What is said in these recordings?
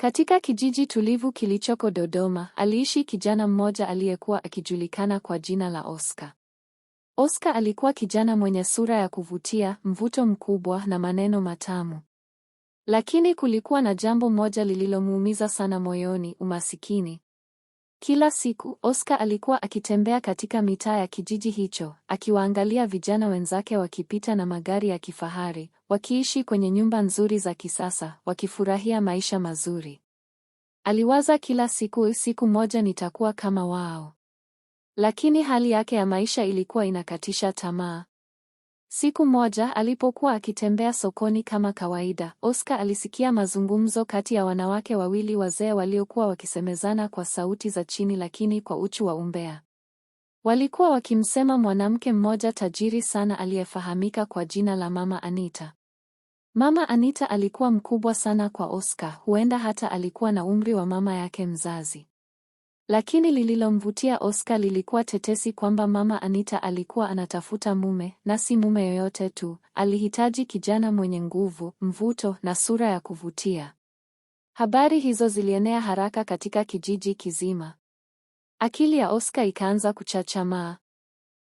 Katika kijiji tulivu kilichoko Dodoma, aliishi kijana mmoja aliyekuwa akijulikana kwa jina la Oscar. Oscar alikuwa kijana mwenye sura ya kuvutia, mvuto mkubwa na maneno matamu. Lakini kulikuwa na jambo moja lililomuumiza sana moyoni, umasikini. Kila siku Oscar alikuwa akitembea katika mitaa ya kijiji hicho, akiwaangalia vijana wenzake wakipita na magari ya kifahari, wakiishi kwenye nyumba nzuri za kisasa, wakifurahia maisha mazuri. Aliwaza kila siku, siku moja nitakuwa kama wao. Lakini hali yake ya maisha ilikuwa inakatisha tamaa. Siku moja alipokuwa akitembea sokoni kama kawaida, Oscar alisikia mazungumzo kati ya wanawake wawili wazee waliokuwa wakisemezana kwa sauti za chini lakini kwa uchu wa umbea. Walikuwa wakimsema mwanamke mmoja tajiri sana aliyefahamika kwa jina la Mama Anita. Mama Anita alikuwa mkubwa sana kwa Oscar, huenda hata alikuwa na umri wa mama yake mzazi. Lakini lililomvutia Oscar lilikuwa tetesi kwamba Mama Anita alikuwa anatafuta mume na si mume yoyote tu, alihitaji kijana mwenye nguvu, mvuto na sura ya kuvutia. Habari hizo zilienea haraka katika kijiji kizima. Akili ya Oscar ikaanza kuchachamaa.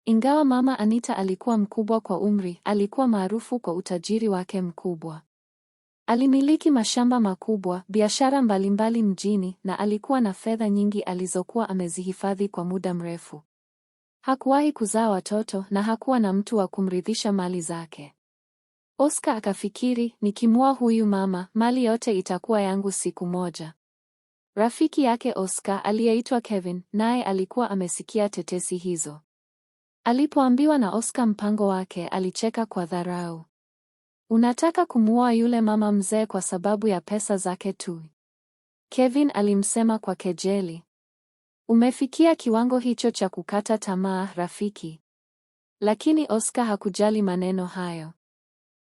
Ingawa Mama Anita alikuwa mkubwa kwa umri, alikuwa maarufu kwa utajiri wake mkubwa. Alimiliki mashamba makubwa, biashara mbalimbali mjini na alikuwa na fedha nyingi alizokuwa amezihifadhi kwa muda mrefu. Hakuwahi kuzaa watoto na hakuwa na mtu wa kumrithisha mali zake. Oscar akafikiri, nikimua huyu mama, mali yote itakuwa yangu siku moja. Rafiki yake Oscar aliyeitwa Kevin naye alikuwa amesikia tetesi hizo. Alipoambiwa na Oscar mpango wake, alicheka kwa dharau. Unataka kumuoa yule mama mzee kwa sababu ya pesa zake tu, Kevin alimsema kwa kejeli. Umefikia kiwango hicho cha kukata tamaa, rafiki. Lakini Oscar hakujali maneno hayo.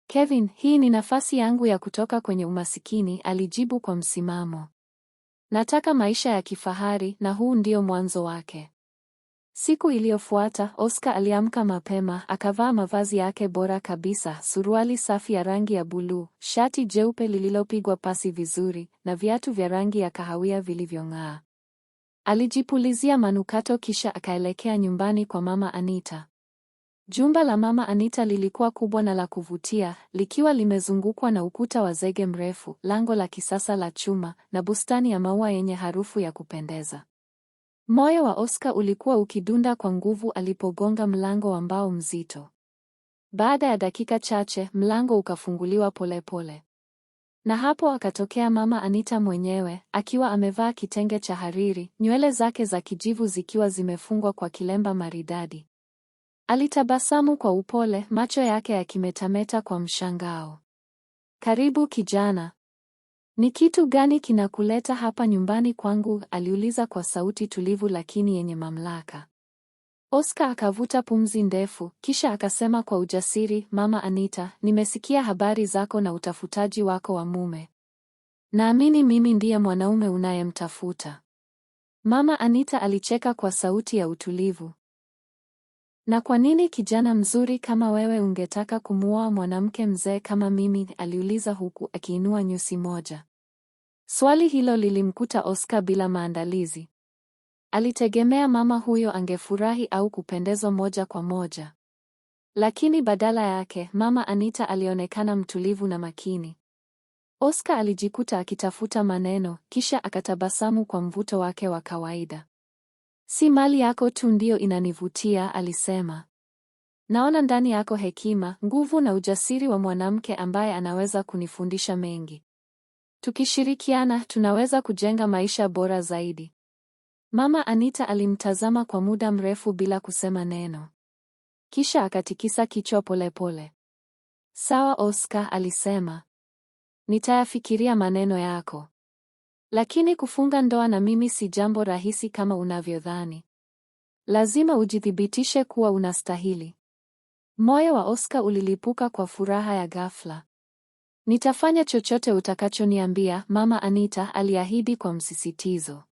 Kevin, hii ni nafasi yangu ya kutoka kwenye umasikini, alijibu kwa msimamo. Nataka maisha ya kifahari na huu ndio mwanzo wake. Siku iliyofuata Oscar aliamka mapema, akavaa mavazi yake bora kabisa, suruali safi ya rangi ya buluu, shati jeupe lililopigwa pasi vizuri, na viatu vya rangi ya kahawia vilivyong'aa. Alijipulizia manukato kisha akaelekea nyumbani kwa Mama Anita. Jumba la Mama Anita lilikuwa kubwa na la kuvutia, likiwa limezungukwa na ukuta wa zege mrefu, lango la kisasa la chuma, na bustani ya maua yenye harufu ya kupendeza. Moyo wa Oscar ulikuwa ukidunda kwa nguvu alipogonga mlango wa mbao mzito. Baada ya dakika chache, mlango ukafunguliwa polepole pole. Na hapo akatokea Mama Anita mwenyewe, akiwa amevaa kitenge cha hariri, nywele zake za kijivu zikiwa zimefungwa kwa kilemba maridadi. Alitabasamu kwa upole, macho yake yakimetameta kwa mshangao. Karibu kijana, ni kitu gani kinakuleta hapa nyumbani kwangu? aliuliza kwa sauti tulivu lakini yenye mamlaka. Oscar akavuta pumzi ndefu, kisha akasema kwa ujasiri, Mama Anita, nimesikia habari zako na utafutaji wako wa mume. Naamini mimi ndiye mwanaume unayemtafuta. Mama Anita alicheka kwa sauti ya utulivu. Na kwa nini kijana mzuri kama wewe ungetaka kumuoa mwanamke mzee kama mimi? aliuliza huku akiinua nyusi moja. Swali hilo lilimkuta Oscar bila maandalizi. Alitegemea mama huyo angefurahi au kupendezwa moja kwa moja, lakini badala yake mama Anita alionekana mtulivu na makini. Oscar alijikuta akitafuta maneno, kisha akatabasamu kwa mvuto wake wa kawaida. Si mali yako tu ndiyo inanivutia, alisema. Naona ndani yako hekima, nguvu na ujasiri wa mwanamke ambaye anaweza kunifundisha mengi. Tukishirikiana tunaweza kujenga maisha bora zaidi. Mama Anita alimtazama kwa muda mrefu bila kusema neno. Kisha akatikisa kichwa polepole. Sawa Oscar, alisema. Nitayafikiria maneno yako. Lakini kufunga ndoa na mimi si jambo rahisi kama unavyodhani. Lazima ujithibitishe kuwa unastahili. Moyo wa Oscar ulilipuka kwa furaha ya ghafla. Nitafanya chochote utakachoniambia, Mama Anita aliahidi kwa msisitizo.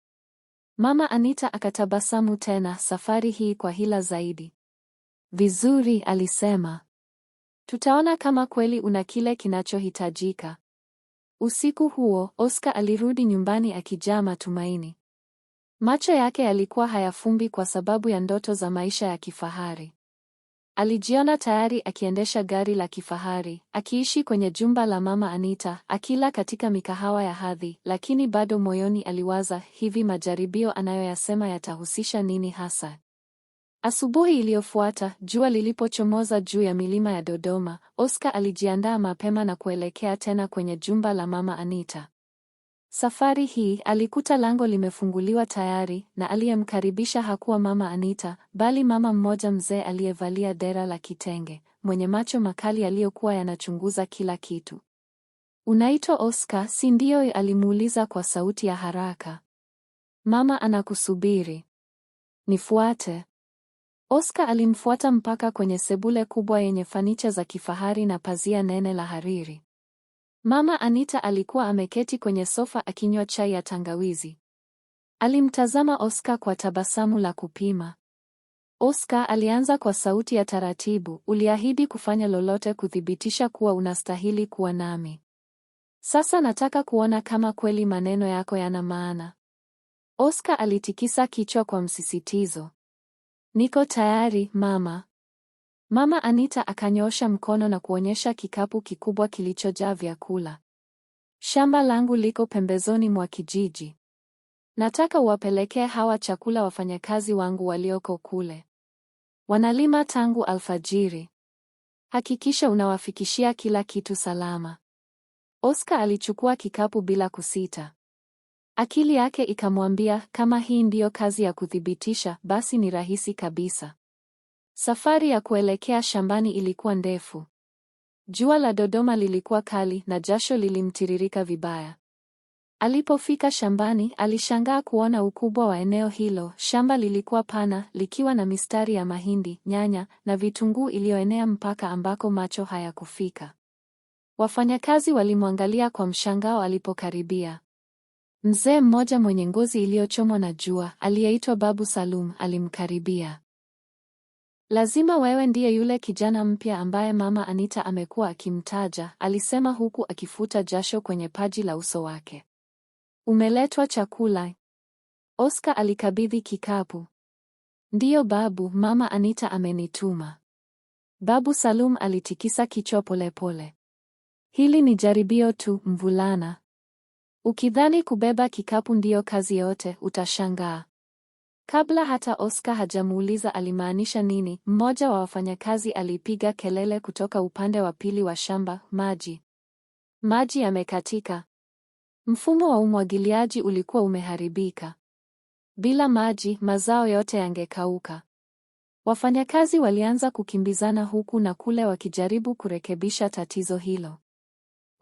Mama Anita akatabasamu tena, safari hii kwa hila zaidi. Vizuri, alisema. Tutaona kama kweli una kile kinachohitajika. Usiku huo Oscar alirudi nyumbani akijaa matumaini. Macho yake yalikuwa hayafumbi kwa sababu ya ndoto za maisha ya kifahari. Alijiona tayari akiendesha gari la kifahari, akiishi kwenye jumba la Mama Anita, akila katika mikahawa ya hadhi, lakini bado moyoni aliwaza, hivi majaribio anayoyasema yatahusisha nini hasa? Asubuhi iliyofuata, jua lilipochomoza juu ya milima ya Dodoma, Oscar alijiandaa mapema na kuelekea tena kwenye jumba la Mama Anita. Safari hii alikuta lango limefunguliwa tayari na aliyemkaribisha hakuwa Mama Anita, bali mama mmoja mzee aliyevalia dera la kitenge, mwenye macho makali aliyokuwa yanachunguza kila kitu. Unaitwa Oscar, si ndio? alimuuliza kwa sauti ya haraka. Mama anakusubiri. Nifuate. Oscar alimfuata mpaka kwenye sebule kubwa yenye fanicha za kifahari na pazia nene la hariri. Mama Anita alikuwa ameketi kwenye sofa akinywa chai ya tangawizi. Alimtazama Oscar kwa tabasamu la kupima. Oscar alianza kwa sauti ya taratibu, uliahidi kufanya lolote kuthibitisha kuwa unastahili kuwa nami. Sasa nataka kuona kama kweli maneno yako yana maana. Oscar alitikisa kichwa kwa msisitizo. Niko tayari mama. Mama Anita akanyoosha mkono na kuonyesha kikapu kikubwa kilichojaa vyakula. Shamba langu liko pembezoni mwa kijiji. Nataka uwapelekee hawa chakula wafanyakazi wangu walioko kule. Wanalima tangu alfajiri. Hakikisha unawafikishia kila kitu salama. Oscar alichukua kikapu bila kusita. Akili yake ikamwambia kama hii ndiyo kazi ya kuthibitisha, basi ni rahisi kabisa. Safari ya kuelekea shambani ilikuwa ndefu. Jua la Dodoma lilikuwa kali na jasho lilimtiririka vibaya. Alipofika shambani, alishangaa kuona ukubwa wa eneo hilo. Shamba lilikuwa pana, likiwa na mistari ya mahindi, nyanya na vitunguu iliyoenea mpaka ambako macho hayakufika. Wafanyakazi walimwangalia kwa mshangao alipokaribia. Mzee mmoja mwenye ngozi iliyochomwa na jua aliyeitwa Babu Salum alimkaribia. Lazima wewe ndiye yule kijana mpya ambaye Mama Anita amekuwa akimtaja, alisema huku akifuta jasho kwenye paji la uso wake. Umeletwa chakula? Oscar alikabidhi kikapu. Ndiyo babu, Mama Anita amenituma. Babu Salum alitikisa kichwa polepole. Hili ni jaribio tu, mvulana. Ukidhani kubeba kikapu ndiyo kazi yote, utashangaa. Kabla hata Oscar hajamuuliza alimaanisha nini, mmoja wa wafanyakazi alipiga kelele kutoka upande wa pili wa shamba, maji, maji yamekatika. Mfumo wa umwagiliaji ulikuwa umeharibika. Bila maji, mazao yote yangekauka. Wafanyakazi walianza kukimbizana huku na kule wakijaribu kurekebisha tatizo hilo.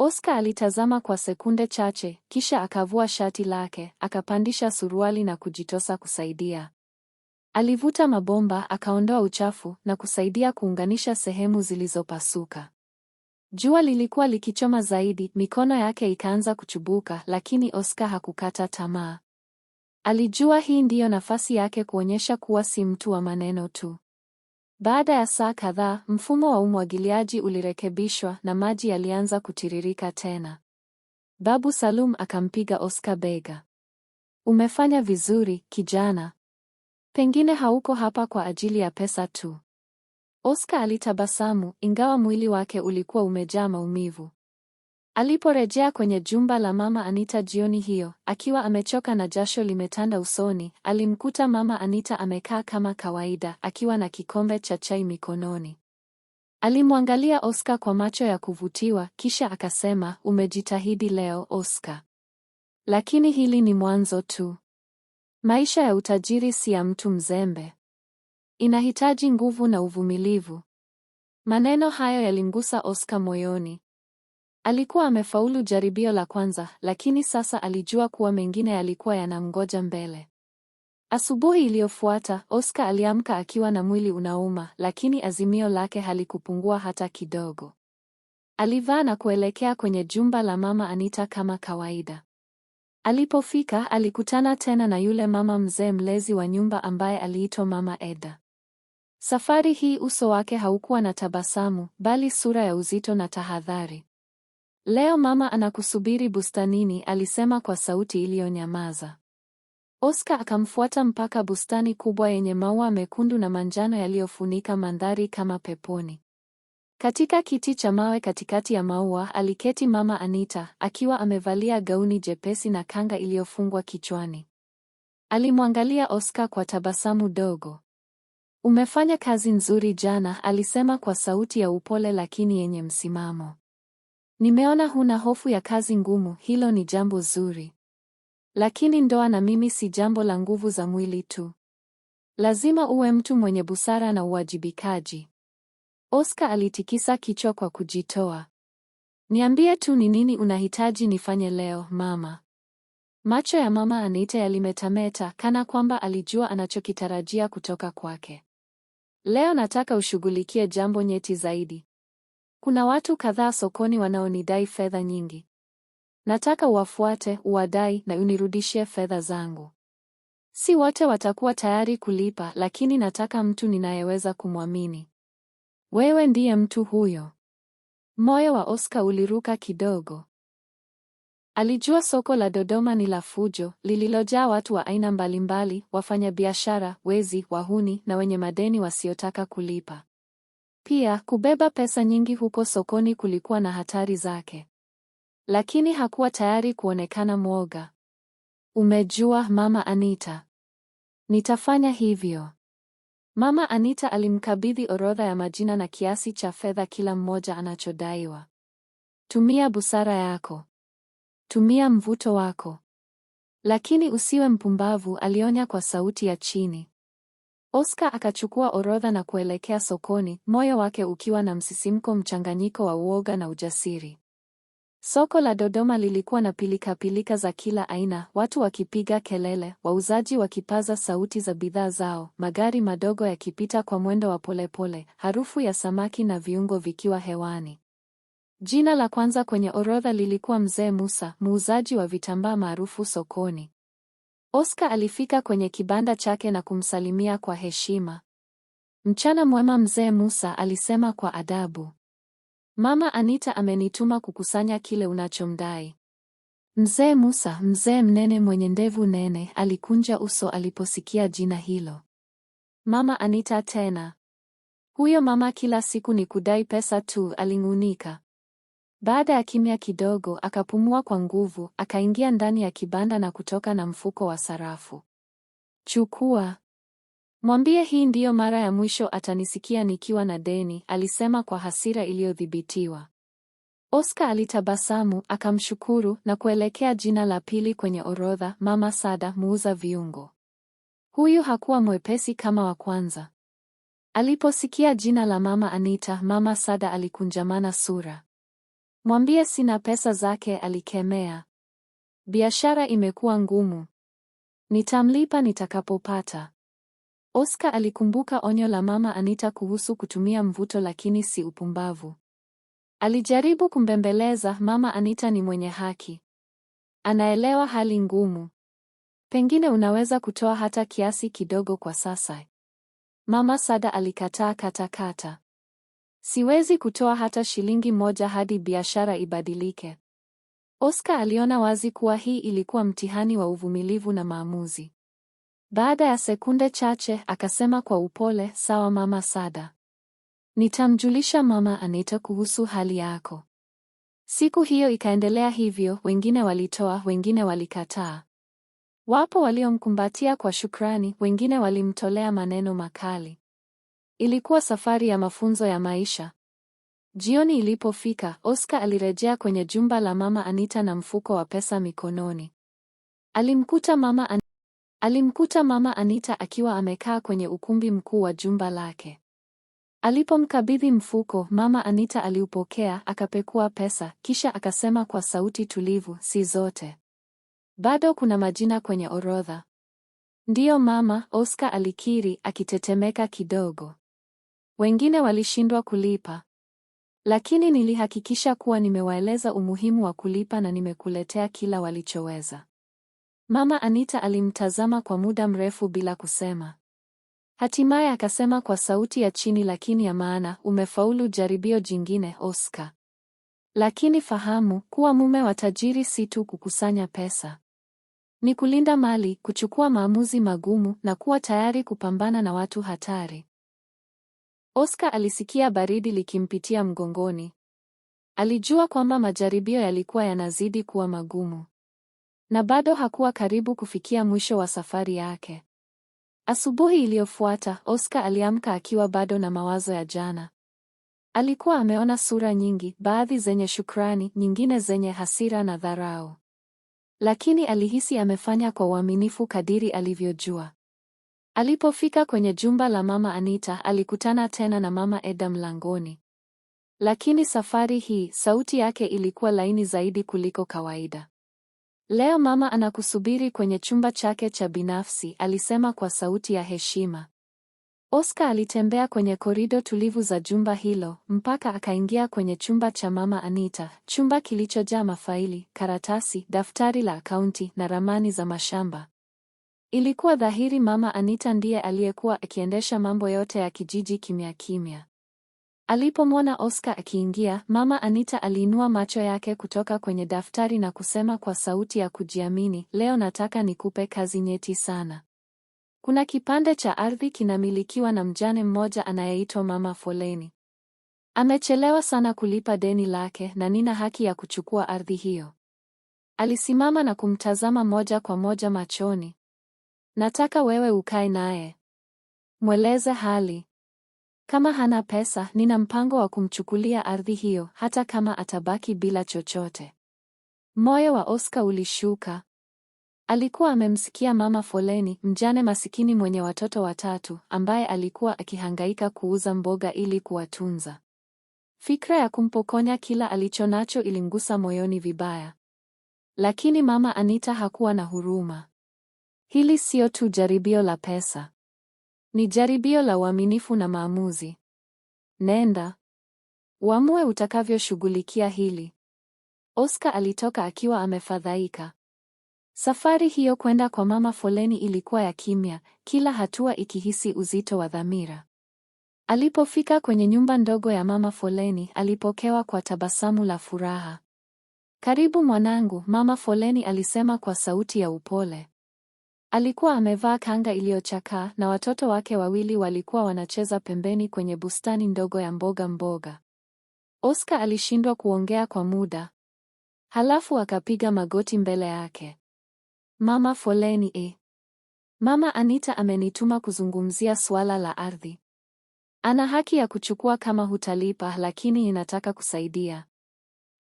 Oscar alitazama kwa sekunde chache, kisha akavua shati lake, akapandisha suruali na kujitosa kusaidia. Alivuta mabomba, akaondoa uchafu na kusaidia kuunganisha sehemu zilizopasuka. Jua lilikuwa likichoma zaidi, mikono yake ikaanza kuchubuka, lakini Oscar hakukata tamaa. Alijua hii ndiyo nafasi yake kuonyesha kuwa si mtu wa maneno tu. Baada ya saa kadhaa, mfumo wa umwagiliaji ulirekebishwa na maji yalianza kutiririka tena. Babu Salum akampiga Oscar bega. Umefanya vizuri, kijana. Pengine hauko hapa kwa ajili ya pesa tu. Oscar alitabasamu ingawa mwili wake ulikuwa umejaa maumivu. Aliporejea kwenye jumba la mama Anita jioni hiyo, akiwa amechoka na jasho limetanda usoni, alimkuta mama Anita amekaa kama kawaida, akiwa na kikombe cha chai mikononi. Alimwangalia Oscar kwa macho ya kuvutiwa, kisha akasema, umejitahidi leo Oscar, lakini hili ni mwanzo tu. Maisha ya utajiri si ya mtu mzembe, inahitaji nguvu na uvumilivu. Maneno hayo yalimgusa Oscar moyoni. Alikuwa amefaulu jaribio la kwanza, lakini sasa alijua kuwa mengine yalikuwa yanamngoja mbele. Asubuhi iliyofuata, Oscar aliamka akiwa na mwili unauma, lakini azimio lake halikupungua hata kidogo. Alivaa na kuelekea kwenye jumba la Mama Anita kama kawaida. Alipofika, alikutana tena na yule mama mzee mlezi wa nyumba ambaye aliitwa Mama Eda. Safari hii uso wake haukuwa na tabasamu, bali sura ya uzito na tahadhari. Leo mama anakusubiri bustanini, alisema kwa sauti iliyonyamaza. Oscar akamfuata mpaka bustani kubwa yenye maua mekundu na manjano yaliyofunika mandhari kama peponi. Katika kiti cha mawe katikati ya maua aliketi mama Anita akiwa amevalia gauni jepesi na kanga iliyofungwa kichwani. Alimwangalia Oscar kwa tabasamu dogo. Umefanya kazi nzuri jana, alisema kwa sauti ya upole lakini yenye msimamo. Nimeona huna hofu ya kazi ngumu, hilo ni jambo zuri. Lakini ndoa na mimi si jambo la nguvu za mwili tu. Lazima uwe mtu mwenye busara na uwajibikaji. Oscar alitikisa kichwa kwa kujitoa. Niambie tu ni nini unahitaji nifanye leo, mama. Macho ya mama Anita yalimetameta kana kwamba alijua anachokitarajia kutoka kwake. Leo nataka ushughulikie jambo nyeti zaidi. Kuna watu kadhaa sokoni wanaonidai fedha nyingi. Nataka uwafuate, uwadai na unirudishie fedha zangu. Si wote watakuwa tayari kulipa, lakini nataka mtu ninayeweza kumwamini. Wewe ndiye mtu huyo. Moyo wa Oscar uliruka kidogo. Alijua soko la Dodoma ni la fujo, lililojaa watu wa aina mbalimbali, wafanyabiashara, wezi, wahuni na wenye madeni wasiotaka kulipa. Pia kubeba pesa nyingi huko sokoni kulikuwa na hatari zake, lakini hakuwa tayari kuonekana mwoga. Umejua Mama Anita, nitafanya hivyo. Mama Anita alimkabidhi orodha ya majina na kiasi cha fedha kila mmoja anachodaiwa. Tumia busara yako, tumia mvuto wako, lakini usiwe mpumbavu, alionya kwa sauti ya chini. Oscar akachukua orodha na kuelekea sokoni, moyo wake ukiwa na msisimko mchanganyiko wa uoga na ujasiri. Soko la Dodoma lilikuwa na pilikapilika za kila aina, watu wakipiga kelele, wauzaji wakipaza sauti za bidhaa zao, magari madogo yakipita kwa mwendo wa polepole, harufu ya samaki na viungo vikiwa hewani. Jina la kwanza kwenye orodha lilikuwa Mzee Musa, muuzaji wa vitambaa maarufu sokoni. Oscar alifika kwenye kibanda chake na kumsalimia kwa heshima. Mchana mwema mzee Musa alisema kwa adabu. Mama Anita amenituma kukusanya kile unachomdai. Mzee Musa, mzee mnene mwenye ndevu nene, alikunja uso aliposikia jina hilo. Mama Anita tena? Huyo mama kila siku ni kudai pesa tu, aling'unika. Baada ya kimya kidogo, akapumua kwa nguvu, akaingia ndani ya kibanda na kutoka na mfuko wa sarafu. Chukua, mwambie hii ndiyo mara ya mwisho atanisikia nikiwa na deni, alisema kwa hasira iliyodhibitiwa. Oscar alitabasamu, akamshukuru na kuelekea jina la pili kwenye orodha, Mama Sada, muuza viungo. Huyu hakuwa mwepesi kama wa kwanza. Aliposikia jina la Mama Anita, Mama Sada alikunjamana sura. Mwambie sina pesa zake, alikemea. Biashara imekuwa ngumu, nitamlipa nitakapopata. Oscar alikumbuka onyo la mama Anita kuhusu kutumia mvuto, lakini si upumbavu. Alijaribu kumbembeleza, mama Anita ni mwenye haki, anaelewa hali ngumu, pengine unaweza kutoa hata kiasi kidogo kwa sasa. Mama Sada alikataa katakata. Siwezi kutoa hata shilingi moja hadi biashara ibadilike. Oscar aliona wazi kuwa hii ilikuwa mtihani wa uvumilivu na maamuzi. Baada ya sekunde chache akasema kwa upole, sawa mama Sada, nitamjulisha mama Anita kuhusu hali yako. Siku hiyo ikaendelea hivyo, wengine walitoa, wengine walikataa. Wapo waliomkumbatia kwa shukrani, wengine walimtolea maneno makali. Ilikuwa safari ya mafunzo ya maisha. Jioni ilipofika, Oscar alirejea kwenye jumba la Mama Anita na mfuko wa pesa mikononi. Alimkuta Mama Anita, alimkuta Mama Anita akiwa amekaa kwenye ukumbi mkuu wa jumba lake. Alipomkabidhi mfuko, Mama Anita aliupokea, akapekua pesa, kisha akasema kwa sauti tulivu, si zote. Bado kuna majina kwenye orodha. Ndiyo mama, Oscar alikiri akitetemeka kidogo. Wengine walishindwa kulipa, lakini nilihakikisha kuwa nimewaeleza umuhimu wa kulipa na nimekuletea kila walichoweza. Mama Anita alimtazama kwa muda mrefu bila kusema. Hatimaye akasema kwa sauti ya chini lakini ya maana, umefaulu jaribio jingine, Oscar. Lakini fahamu kuwa mume wa tajiri si tu kukusanya pesa. Ni kulinda mali, kuchukua maamuzi magumu na kuwa tayari kupambana na watu hatari. Oscar alisikia baridi likimpitia mgongoni. Alijua kwamba majaribio yalikuwa yanazidi kuwa magumu, na bado hakuwa karibu kufikia mwisho wa safari yake. Asubuhi iliyofuata, Oscar aliamka akiwa bado na mawazo ya jana. Alikuwa ameona sura nyingi, baadhi zenye shukrani, nyingine zenye hasira na dharau. Lakini alihisi amefanya kwa uaminifu kadiri alivyojua. Alipofika kwenye jumba la Mama Anita, alikutana tena na Mama Eda mlangoni. Lakini safari hii sauti yake ilikuwa laini zaidi kuliko kawaida. Leo mama anakusubiri kwenye chumba chake cha binafsi, alisema kwa sauti ya heshima. Oscar alitembea kwenye korido tulivu za jumba hilo mpaka akaingia kwenye chumba cha Mama Anita, chumba kilichojaa mafaili, karatasi, daftari la akaunti na ramani za mashamba. Ilikuwa dhahiri Mama Anita ndiye aliyekuwa akiendesha mambo yote ya kijiji kimya kimya. Alipomwona Oscar akiingia, Mama Anita aliinua macho yake kutoka kwenye daftari na kusema kwa sauti ya kujiamini, leo nataka nikupe kazi nyeti sana. Kuna kipande cha ardhi kinamilikiwa na mjane mmoja anayeitwa Mama Foleni. Amechelewa sana kulipa deni lake na nina haki ya kuchukua ardhi hiyo. Alisimama na kumtazama moja kwa moja machoni. Nataka wewe ukae naye, mweleze hali. Kama hana pesa, nina mpango wa kumchukulia ardhi hiyo, hata kama atabaki bila chochote. Moyo wa Oscar ulishuka. Alikuwa amemsikia mama Foleni, mjane masikini mwenye watoto watatu, ambaye alikuwa akihangaika kuuza mboga ili kuwatunza. Fikra ya kumpokonya kila alichonacho ilimgusa moyoni vibaya. Lakini mama Anita hakuwa na huruma. Hili sio tu jaribio la pesa, ni jaribio la uaminifu na maamuzi. Nenda uamue utakavyoshughulikia hili. Oscar alitoka akiwa amefadhaika. Safari hiyo kwenda kwa mama Foleni ilikuwa ya kimya, kila hatua ikihisi uzito wa dhamira. Alipofika kwenye nyumba ndogo ya mama Foleni, alipokewa kwa tabasamu la furaha. Karibu mwanangu, mama Foleni alisema kwa sauti ya upole. Alikuwa amevaa kanga iliyochakaa na watoto wake wawili walikuwa wanacheza pembeni kwenye bustani ndogo ya mboga mboga. Oscar alishindwa kuongea kwa muda. Halafu akapiga magoti mbele yake. Mama, foleni e. Mama Anita amenituma kuzungumzia suala la ardhi. Ana haki ya kuchukua kama hutalipa, lakini inataka kusaidia.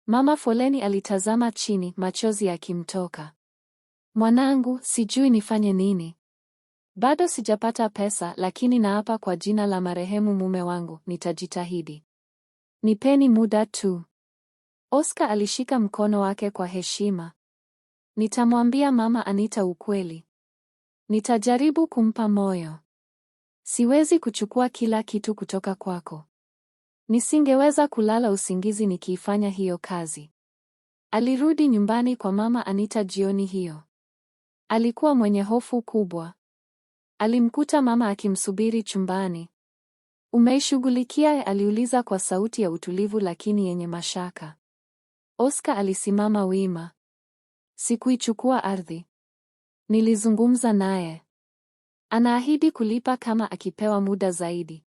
Mama Foleni alitazama chini, machozi yakimtoka. Mwanangu, sijui nifanye nini. Bado sijapata pesa, lakini naapa kwa jina la marehemu mume wangu nitajitahidi. Nipeni muda tu. Oscar alishika mkono wake kwa heshima. Nitamwambia mama Anita ukweli. Nitajaribu kumpa moyo. Siwezi kuchukua kila kitu kutoka kwako. Nisingeweza kulala usingizi nikiifanya hiyo kazi. Alirudi nyumbani kwa mama Anita jioni hiyo. Alikuwa mwenye hofu kubwa. Alimkuta mama akimsubiri chumbani. Umeishughulikia? aliuliza kwa sauti ya utulivu lakini yenye mashaka. Oscar alisimama wima. Sikuichukua ardhi. Nilizungumza naye. Anaahidi kulipa kama akipewa muda zaidi.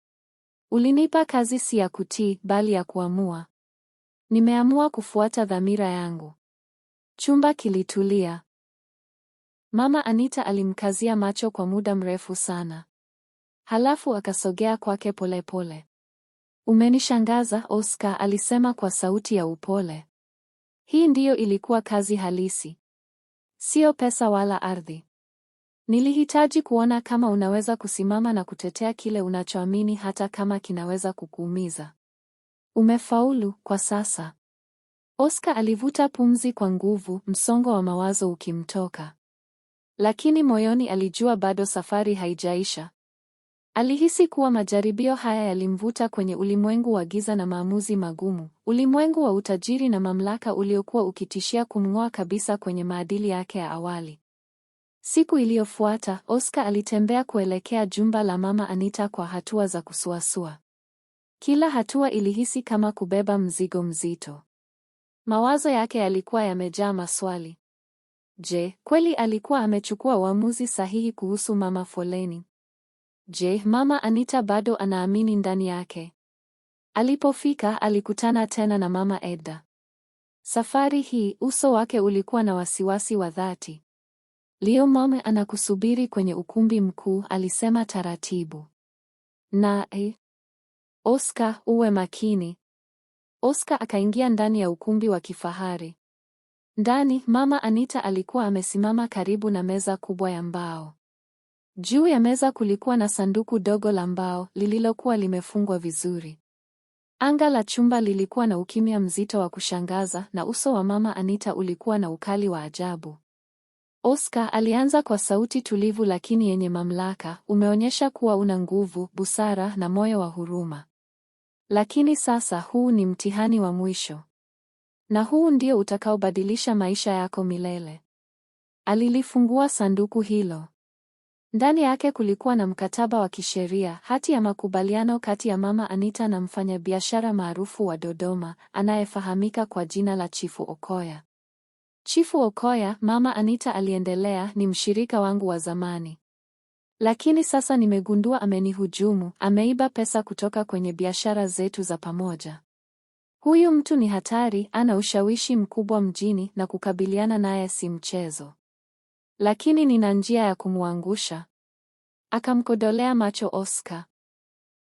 Ulinipa kazi si ya kutii, bali ya kuamua. Nimeamua kufuata dhamira yangu. Chumba kilitulia. Mama Anita alimkazia macho kwa muda mrefu sana, halafu akasogea kwake polepole. Umenishangaza Oscar, alisema kwa sauti ya upole. Hii ndiyo ilikuwa kazi halisi, siyo pesa wala ardhi. Nilihitaji kuona kama unaweza kusimama na kutetea kile unachoamini hata kama kinaweza kukuumiza. Umefaulu kwa sasa. Oscar alivuta pumzi kwa nguvu, msongo wa mawazo ukimtoka. Lakini moyoni alijua bado safari haijaisha. Alihisi kuwa majaribio haya yalimvuta kwenye ulimwengu wa giza na maamuzi magumu, ulimwengu wa utajiri na mamlaka uliokuwa ukitishia kumng'oa kabisa kwenye maadili yake ya awali. Siku iliyofuata, Oscar alitembea kuelekea jumba la Mama Anita kwa hatua za kusuasua. Kila hatua ilihisi kama kubeba mzigo mzito. Mawazo yake yalikuwa yamejaa maswali. Je, kweli alikuwa amechukua uamuzi sahihi kuhusu mama foleni? Je, mama Anita bado anaamini ndani yake? Alipofika alikutana tena na mama Edda. Safari hii uso wake ulikuwa na wasiwasi wa dhati. Leo mama anakusubiri kwenye ukumbi mkuu, alisema taratibu. Na eh, Oscar, uwe makini. Oscar akaingia ndani ya ukumbi wa kifahari. Ndani, Mama Anita alikuwa amesimama karibu na meza kubwa ya mbao. Juu ya meza kulikuwa na sanduku dogo la mbao lililokuwa limefungwa vizuri. Anga la chumba lilikuwa na ukimya mzito wa kushangaza na uso wa Mama Anita ulikuwa na ukali wa ajabu. Oscar alianza kwa sauti tulivu lakini yenye mamlaka, umeonyesha kuwa una nguvu, busara na moyo wa huruma. Lakini sasa huu ni mtihani wa mwisho na huu ndio utakaobadilisha maisha yako milele. Alilifungua sanduku hilo. Ndani yake kulikuwa na mkataba wa kisheria, hati ya makubaliano kati ya Mama Anita na mfanyabiashara maarufu wa Dodoma anayefahamika kwa jina la Chifu Okoya. Chifu Okoya, Mama Anita aliendelea, ni mshirika wangu wa zamani, lakini sasa nimegundua amenihujumu, ameiba pesa kutoka kwenye biashara zetu za pamoja. Huyu mtu ni hatari, ana ushawishi mkubwa mjini na kukabiliana naye si mchezo. Lakini nina njia ya kumwangusha. Akamkodolea macho Oscar.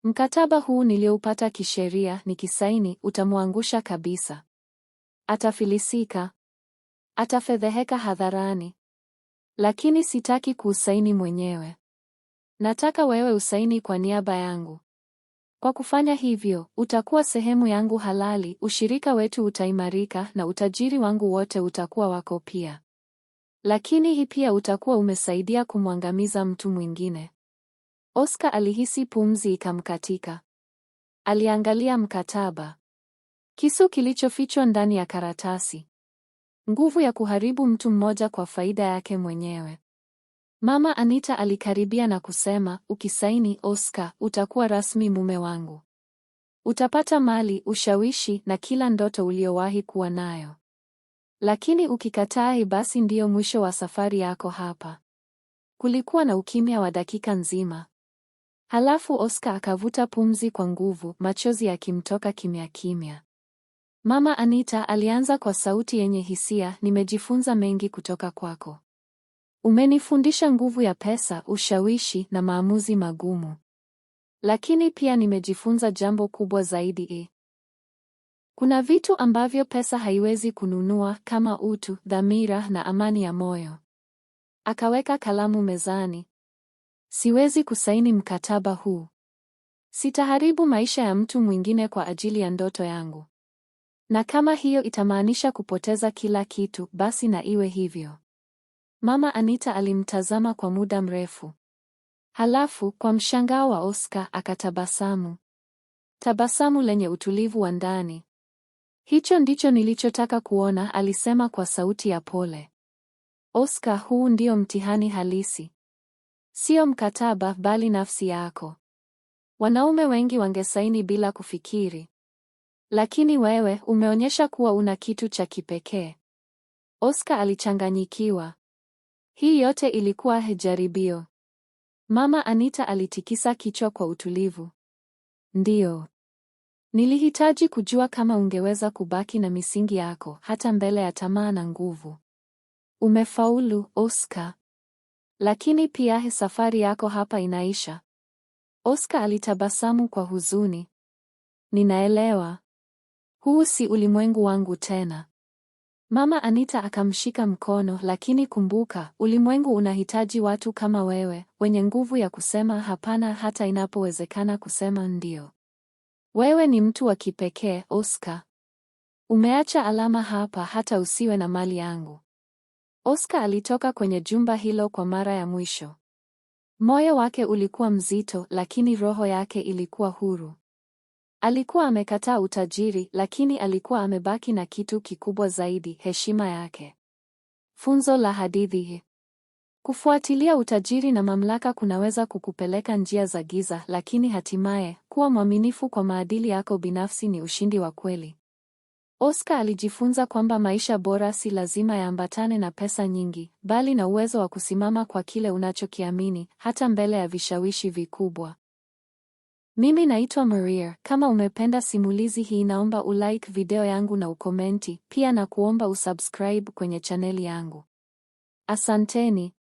Mkataba huu nilioupata kisheria nikisaini utamwangusha kabisa. Atafilisika. Atafedheheka hadharani. Lakini sitaki kuusaini mwenyewe. Nataka wewe usaini kwa niaba yangu. Kwa kufanya hivyo, utakuwa sehemu yangu halali, ushirika wetu utaimarika na utajiri wangu wote utakuwa wako pia. Lakini hii pia utakuwa umesaidia kumwangamiza mtu mwingine. Oscar alihisi pumzi ikamkatika. Aliangalia mkataba. Kisu kilichofichwa ndani ya karatasi. Nguvu ya kuharibu mtu mmoja kwa faida yake mwenyewe. Mama Anita alikaribia na kusema, ukisaini Oscar, utakuwa rasmi mume wangu. Utapata mali, ushawishi na kila ndoto uliowahi kuwa nayo. Lakini ukikataa, basi ndiyo mwisho wa safari yako hapa. Kulikuwa na ukimya wa dakika nzima. Halafu Oscar akavuta pumzi kwa nguvu, machozi yakimtoka kimya kimya. Mama Anita alianza kwa sauti yenye hisia, nimejifunza mengi kutoka kwako. Umenifundisha nguvu ya pesa, ushawishi na maamuzi magumu. Lakini pia nimejifunza jambo kubwa zaidi e. Kuna vitu ambavyo pesa haiwezi kununua kama utu, dhamira na amani ya moyo. Akaweka kalamu mezani. Siwezi kusaini mkataba huu. Sitaharibu maisha ya mtu mwingine kwa ajili ya ndoto yangu. Na kama hiyo itamaanisha kupoteza kila kitu, basi na iwe hivyo. Mama Anita alimtazama kwa muda mrefu. Halafu, kwa mshangao wa Oscar, akatabasamu. Tabasamu lenye utulivu wa ndani. Hicho ndicho nilichotaka kuona, alisema kwa sauti ya pole. Oscar, huu ndio mtihani halisi. Sio mkataba bali nafsi yako. Wanaume wengi wangesaini bila kufikiri. Lakini wewe umeonyesha kuwa una kitu cha kipekee. Oscar alichanganyikiwa. Hii yote ilikuwa jaribio. Mama Anita alitikisa kichwa kwa utulivu. Ndiyo. Nilihitaji kujua kama ungeweza kubaki na misingi yako hata mbele ya tamaa na nguvu. Umefaulu, Oscar. Lakini pia safari yako hapa inaisha. Oscar alitabasamu kwa huzuni. Ninaelewa. Huu si ulimwengu wangu tena. Mama Anita akamshika mkono, lakini kumbuka, ulimwengu unahitaji watu kama wewe, wenye nguvu ya kusema hapana hata inapowezekana kusema ndio. Wewe ni mtu wa kipekee, Oscar. Umeacha alama hapa hata usiwe na mali yangu. Oscar alitoka kwenye jumba hilo kwa mara ya mwisho. Moyo wake ulikuwa mzito, lakini roho yake ilikuwa huru. Alikuwa amekataa utajiri, lakini alikuwa amebaki na kitu kikubwa zaidi, heshima yake. Funzo la hadithi hii: kufuatilia utajiri na mamlaka kunaweza kukupeleka njia za giza, lakini hatimaye kuwa mwaminifu kwa maadili yako binafsi ni ushindi wa kweli. Oscar alijifunza kwamba maisha bora si lazima yaambatane na pesa nyingi, bali na uwezo wa kusimama kwa kile unachokiamini, hata mbele ya vishawishi vikubwa. Mimi naitwa Maria. Kama umependa simulizi hii, naomba ulike video yangu na ukomenti pia, na kuomba usubscribe kwenye chaneli yangu. Asanteni.